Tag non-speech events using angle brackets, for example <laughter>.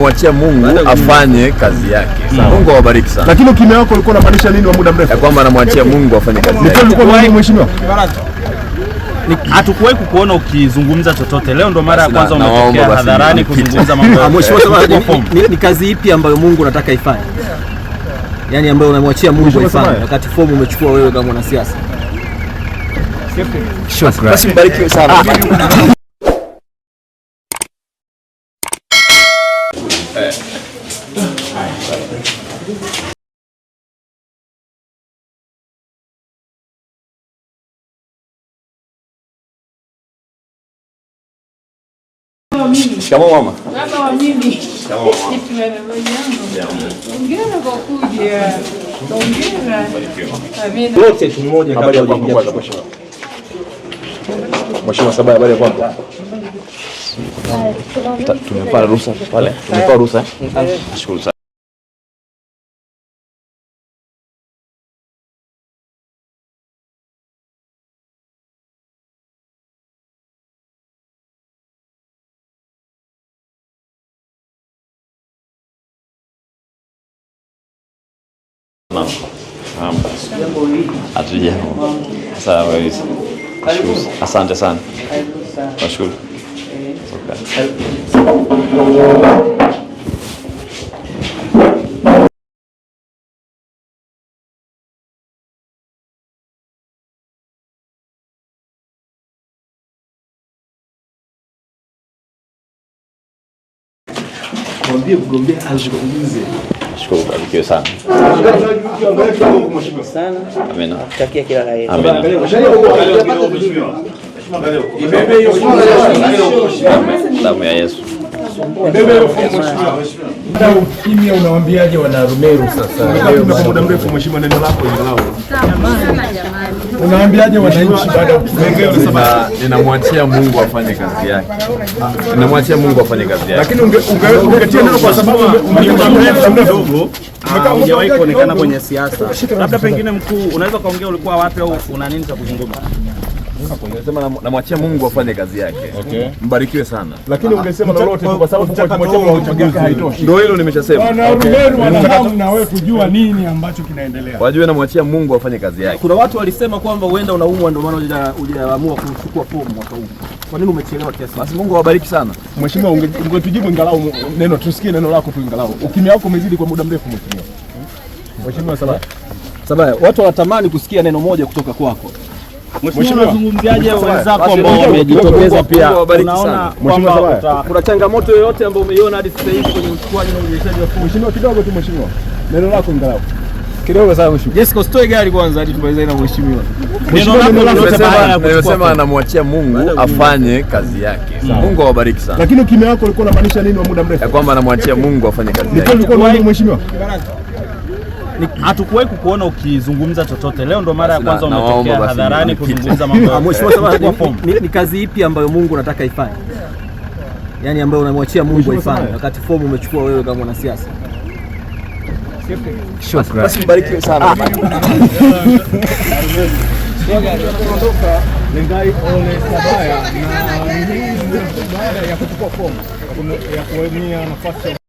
Wachia Mungu afanye kazi yake. Mm. Mungu awabariki sana. Lakini ukimya wako ulikuwa unamaanisha nini wa muda mrefu? Ya Kwamba anamwachia Mungu afanye kazi yake. Mheshimiwa. Hatukuwahi kukuona ukizungumza chochote. Leo ndo mara ya kwanza umetokea hadharani kuzungumza mambo. <laughs> Ni kazi ipi ambayo Mungu anataka ifanye? Yaani ambayo unamwachia Mungu ifanye wakati fomu umechukua wewe kama mwanasiasa. Shukrani. Basi mbariki sana. Eh. Shikamoo mama. Baba wa mimi. Shikamoo mama. Hongera kwa kuja. Hongera. Amina. Wote tu mmoja kabla hujaingia. Mheshimiwa Sabaya, habari ya kwako? Tumepata ruhusa pale, tumepata ruhusa. Nashukuru sana. Hatujambo. Asante sana. Nashukuru. me help. Gombe, Gombe, azungumze. Shukuru kwa tukio sana. Amina. Takia kila la heri. Amina. Damu ya Yesu. Ukimya unawaambiaje sasa? Muda mrefu mheshimiwa, neno lako Unawaambiaje wananchi baada ya kusema ninamwachia Mungu afanye kazi yake. Ninamwachia Mungu afanye kazi yake. Lakini ungetia neno kwa sababu hujawahi kuonekana kwenye siasa. Labda pengine mkuu, unaweza kaongea ulikuwa wapi au una nini cha kuzungumza? Ungesema namwachia Mungu afanye kazi yake. Okay. Mbarikiwe sana. Lakini ungesema lolote kwa sababu kwa kimwachia haitoshi. Ndio hilo nimeshasema. Na wewe kujua nini ambacho kinaendelea. Wajue namwachia Mungu afanye kazi yake. Kuna watu walisema kwamba uenda unaumwa ndio maana uliamua kuchukua fomu mwaka huu. Kwa nini umechelewa kiasi? Basi Mungu awabariki sana. Mheshimiwa, ungetujibu ingalau neno tusikie neno lako tu ingalau. Ukimya wako umezidi kwa muda mrefu mheshimiwa. Mheshimiwa Sabaya. Sabaya, watu wanatamani kusikia neno moja kutoka kwako. Mheshimiwa, unazungumziaje wenzako ambao wamejitokeza pia? Unaona kwamba kuna changamoto yoyote ambayo umeiona hadi sasa hivi kwenye uchukuaji na urejeshaji wa fungu? Mheshimiwa, kidogo tu mheshimiwa. Neno lako ingalau kidogo sana mheshimiwa. Jessica, usitoe gari kwanza hadi tumalize na mheshimiwa. Nimesema anamwachia Mungu afanye kazi yake. Mungu awabariki sana. Lakini ukimya wako ulikuwa unamaanisha nini wa muda mrefu? Kwamba anamwachia Mungu afanye kazi yake. Ni kweli ulikuwa mheshimiwa? hatukuwahi kukuona ukizungumza chochote. Leo ndo mara ya kwanza umetokea hadharani kuzungumza <laughs> mambo. Ah, ni kazi ipi ambayo Mungu anataka ifanye, yaani ambayo unamwachia Mungu aifanye, wakati fomu umechukua wewe kama mwanasiasa? Basi sana. Lengai ah. Ole Sabaya, na hii baada ya kuchukua fomu ya kuwania nafasi